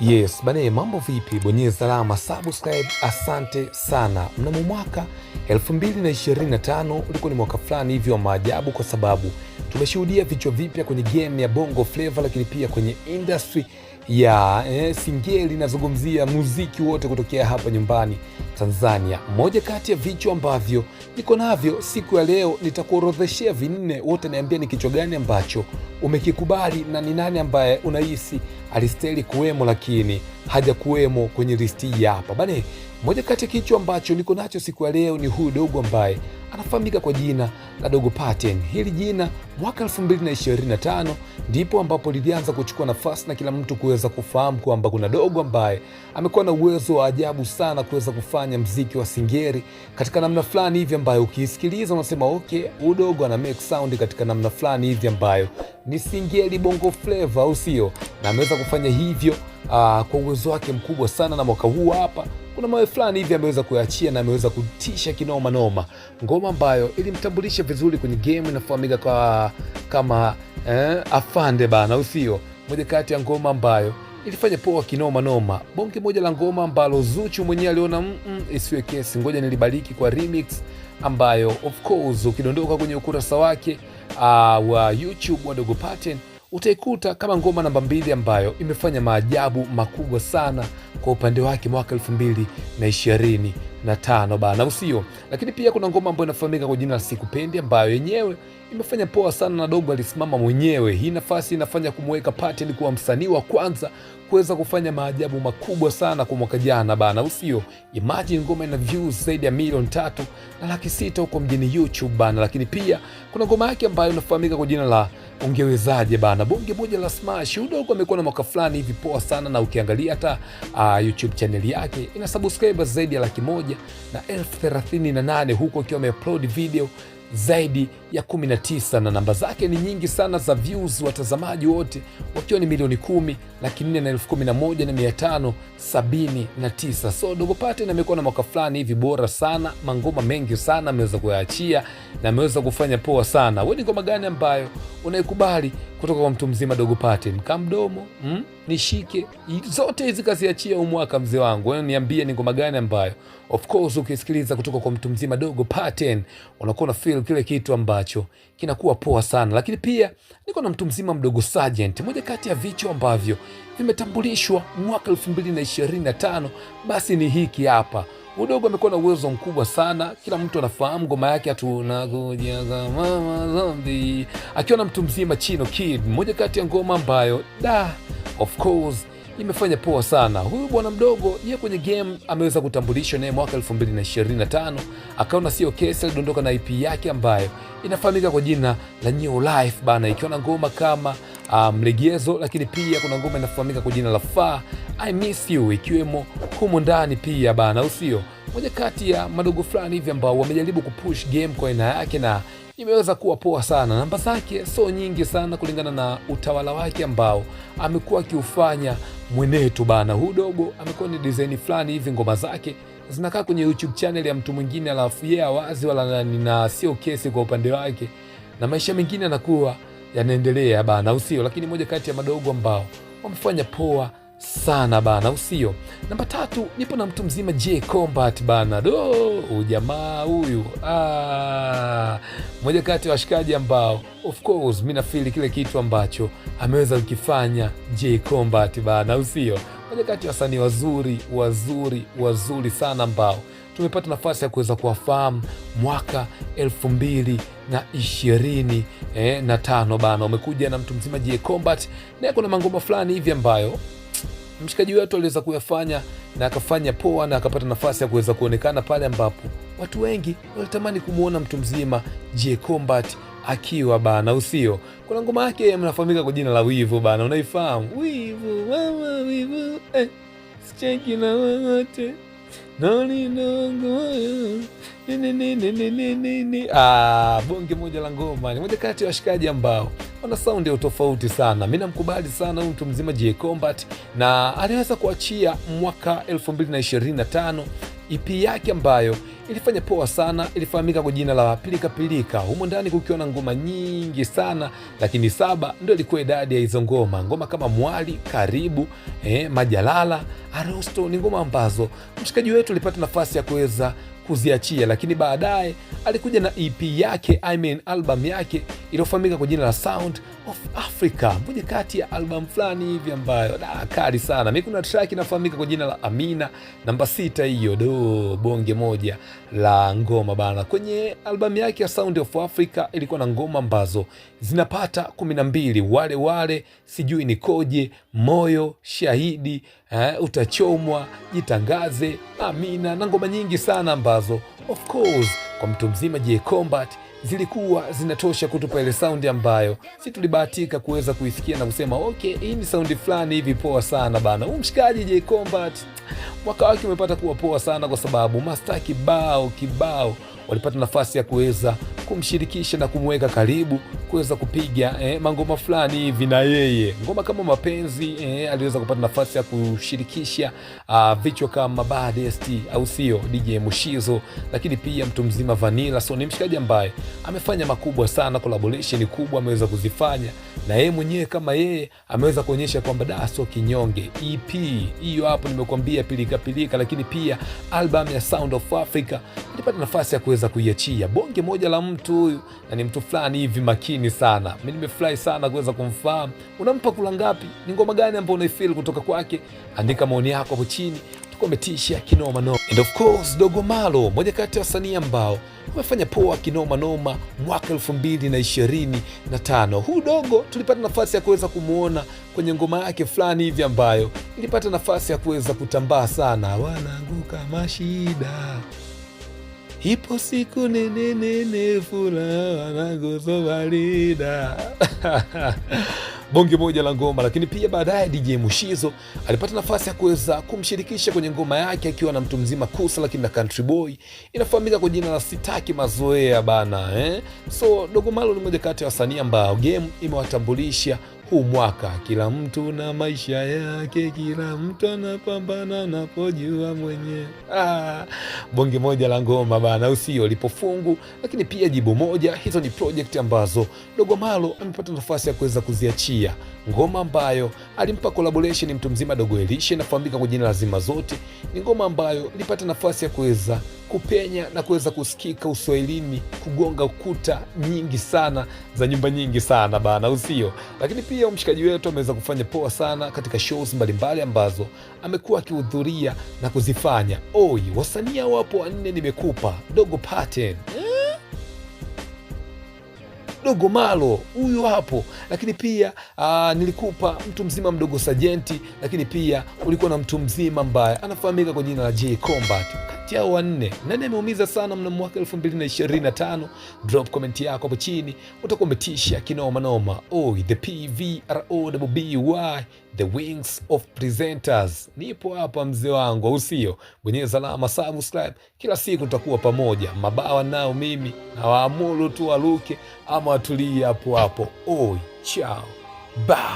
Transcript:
Yes bane, mambo vipi? Bonyeza alama subscribe. Asante sana. Mnamo mwaka 2025 ulikuwa ni mwaka fulani hivyo wa maajabu, kwa sababu tumeshuhudia vichwa vipya kwenye game ya Bongo Flava, lakini pia kwenye industry ya eh, Singeli inazungumzia muziki wote kutokea hapa nyumbani Tanzania. Moja kati ya vichwa ambavyo niko navyo siku ya leo, nitakuorodheshea vinne, wote niambia ni kichwa gani ambacho umekikubali na ni nani ambaye unahisi alistahili kuwemo lakini hajakuwemo kwenye listi hii hapa bane. Moja kati ya kichwa ambacho niko nacho siku ya leo ni huyu dogo ambaye anafahamika kwa jina la Dogo Paten. Hili jina mwaka 2025 ndipo ambapo lilianza kuchukua nafasi na kila mtu kuweza kufahamu kwamba kuna dogo ambaye amekuwa na uwezo wa ajabu sana kuweza kufanya mziki wa singeri katika namna fulani hivi ambayo ukiisikiliza unasema okay, dogo ana make sound katika namna fulani hivi ambayo ni singeri bongo flava, au sio? Na ameweza kufanya hivyo uh, kwa uwezo wake mkubwa sana, na mwaka huu hapa kuna mawe fulani hivi ameweza kuyaachia na ameweza kutisha kinoma noma, ngoma ambayo ilimtambulisha vizuri kwenye game inafahamika kwa kama eh, afande bana, usio Moja kati ya ngoma ambayo ilifanya poa kinoma noma, bonge moja la ngoma ambalo Zuchu mwenyewe aliona mm -mm, isiwe kesi, ngoja nilibariki kwa remix ambayo of course ukidondoka kwenye ukurasa wake uh, wa YouTube wa Dogo Paten utaikuta kama ngoma namba mbili ambayo imefanya maajabu makubwa sana kwa upande wake mwaka elfu mbili na ishirini na tano bana, usio. Lakini pia kuna ngoma ambayo inafahamika kwa jina la Sikupendi ambayo yenyewe Imefanya poa sana na Dogo alisimama mwenyewe. Hii nafasi inafanya kumweka Pateni kuwa msanii wa kwanza kuweza kufanya maajabu makubwa sana kwa mwaka jana bana, usio imagine, ngoma ina views zaidi ya milioni tatu na laki sita huko mjini YouTube bana. Lakini pia kuna ngoma yake ambayo inafahamika kwa jina la ungewezaje bana, bonge moja la smash. Udogo amekuwa na mwaka fulani hivi poa sana, na ukiangalia hata uh, YouTube channel yake ina subscribers zaidi ya laki moja na elfu thelathini na nane huko akiwa ameupload video zaidi ya 19 na namba zake ni nyingi sana za views, watazamaji wote wakiwa ni milioni 10 laki nne na elfu kumi na moja na mia tano sabini na tisa. So Dogo Paten amekuwa na mwaka fulani hivi bora sana, mangoma mengi sana ameweza kuyaachia na ameweza kufanya poa sana. weni ni ngoma gani ambayo unaikubali kutoka kwa mtu mzima Dogo Paten kamdomo mm? Nishike zote hizi kaziachia umwaka mzee wangu, niambie ni ngoma gani ambayo of course ukisikiliza kutoka kwa mtu mzima Dogo Paten unakuwa na feel kile kitu ambacho kinakuwa poa sana. Lakini pia niko na mtu mzima mdogo Sergeant, moja kati ya vichwa ambavyo vimetambulishwa mwaka elfu mbili na ishirini na tano basi ni hiki hapa Udogo amekuwa na uwezo mkubwa sana, kila mtu anafahamu ngoma yake hatunakuja mama madhambi, akiwa na mtu mzima Chino Kid, moja kati ya ngoma ambayo da of course imefanya poa sana. Huyu bwana mdogo yeye kwenye game ameweza kutambulishwa naye mwaka 2025 akaona sio kesi, alidondoka na EP yake ambayo inafahamika kwa jina la New Life bana, ikiwa na ngoma kama mlegezo um, lakini pia kuna ngoma inafahamika kwa jina la Far I Miss You ikiwemo humo ndani pia bana, usio moja kati ya madogo fulani hivi ambao wamejaribu kupush game kwa aina yake na imeweza kuwa poa sana. Namba zake so nyingi sana kulingana na utawala wake ambao amekuwa akiufanya mwenetu bana. Huu dogo amekuwa ni design fulani hivi, ngoma zake zinakaa kwenye YouTube channel ya mtu mwingine, alafu yeye yeah, awazi wala na sio kesi kwa upande wake, na maisha mengine anakuwa yanaendelea bana, au sio? Lakini moja kati ya madogo ambao wamefanya poa sana bana, au sio? Namba tatu, nipo na mtu mzima J Combat bana, do ujamaa huyu ah, moja kati ya washikaji ambao of course mi nafili kile kitu ambacho ameweza kukifanya J Combat bana, au sio? Moja kati ya wasanii wazuri wazuri wazuri sana ambao tumepata nafasi ya kuweza kuwafahamu mwaka elfu mbili na ishirini eh, na tano bana, umekuja na mtu mzima J Combat, naye kuna mangoma fulani hivi ambayo mshikaji wetu aliweza kuyafanya na akafanya poa na akapata nafasi ya kuweza kuonekana pale ambapo watu wengi walitamani kumwona mtu mzima J Combat akiwa bana, usio kuna ngoma yake mnafahamika kwa jina la Wivu bana, unaifahamu Wivu mama Wivu eh, sicheki na wote Ah, bonge moja la ngoma ni moja kati ya washikaji ambao wana saundi ya utofauti sana. Mi namkubali sana huyu mtu mzima J Combat, na aliweza kuachia mwaka 2025 EP yake ambayo ilifanya poa sana, ilifahamika kwa jina la Pilikapilika, humo ndani kukiwa na ngoma nyingi sana, lakini saba ndo ilikuwa idadi ya hizo ngoma. Ngoma kama Mwali, Karibu, eh, Majalala, Arosto ni ngoma ambazo mshikaji wetu alipata nafasi ya kuweza kuziachia, lakini baadaye alikuja na EP yake I mean album yake iliyofahamika kwa jina la Sound of Africa, moja kati ya albamu fulani hivi ambayo da kali sana. Mi kuna track inafahamika kwa jina la Amina namba sita, hiyo do bonge moja la ngoma bana. Kwenye albamu yake ya Sound of Africa ilikuwa na ngoma ambazo zinapata kumi na mbili, wale wale, sijui nikoje, moyo shahidi, eh, utachomwa, jitangaze, Amina na ngoma nyingi sana ambazo of course kwa mtu mzima J Combat zilikuwa zinatosha kutupa ile saundi ambayo si tulibahatika kuweza kuisikia na kusema okay, hii ni saundi fulani hivi poa sana bana. Huu mshikaji J Combat mwaka wake umepata kuwa poa sana, kwa sababu masta kibao kibao walipata nafasi ya kuweza kumshirikisha na kumweka karibu kuweza kupiga eh, mangoma fulani hivi na yeye. Ngoma kama mapenzi eh, aliweza kupata nafasi ya kushirikisha uh, vichwa kama Badest au sio, DJ Mushizo, lakini pia mtu mzima Vanilla. So ni mshikaji ambaye amefanya makubwa sana, collaboration kubwa ameweza kuzifanya na yeye mwenyewe kama yeye ameweza kuonyesha kwamba da sio kinyonge. EP hiyo hapo nimekuambia pilika, lakini pia album ya Sound of Africa nilipata nafasi ya kuweza kuiachia bonge moja la mtu na ni mtu fulani hivi makini sana. Mimi nimefurahi sana kuweza kumfahamu. Unampa kula ngapi? Ni ngoma gani ambayo unaifeel kutoka kwake? Andika maoni yako hapo chini. Tukometisha kinoma noma. And of course Dogo Malo, moja kati ya wasanii ambao wamefanya poa kinoma noma mwaka elfu mbili na ishirini na tano. Huu Dogo tulipata nafasi ya kuweza kumwona kwenye ngoma yake fulani hivi ambayo ilipata nafasi ya kuweza kutambaa sana, wanaanguka mashida Ipo siku nene nene furaha na gozo barida bonge moja la ngoma. Lakini pia baadaye DJ Mushizo alipata nafasi ya kuweza kumshirikisha kwenye ngoma yake akiwa na mtu mzima Kusa, lakini na Country Boy inafahamika kwa jina la Sitaki Mazoea bana eh? So Dogo Malo ni moja kati ya wasanii ambao game imewatambulisha huu mwaka kila mtu na maisha yake, kila mtu anapambana anapojua mwenyewe. Ah, bonge moja la ngoma bana, usio lipo fungu, lakini pia jibu moja. Hizo ni project ambazo Dogo Malo amepata nafasi ya kuweza kuziachia, ngoma ambayo alimpa collaboration mtu mzima Dogo Elisha, inafahamika kwa jina la Zima Zote. Ni ngoma ambayo ilipata nafasi ya kuweza kupenya na kuweza kusikika Uswahilini, kugonga kuta nyingi sana za nyumba nyingi sana bana, usio lakini pia pia mshikaji wetu ameweza kufanya poa sana katika shows mbalimbali ambazo amekuwa akihudhuria na kuzifanya. Oi, wasanii wapo wanne nimekupa dogo Paten eh? dogo Malo huyu hapo, lakini pia aa, ah, nilikupa mtu mzima mdogo Sajenti, lakini pia ulikuwa na mtu mzima ambaye anafahamika kwa jina la J Combat kati yao wanne, nani ameumiza sana mnamo mwaka 2025? Drop comment yako hapo chini, utakuwa umetisha kinoma noma. Oi, the PVROWBY the wings of presenters, nipo hapa mzee wangu, usio bonyeza alama subscribe. Kila siku tutakuwa pamoja, mabawa nao mimi na waamuru tu waruke ama watulie hapo hapo. Oi, chao ba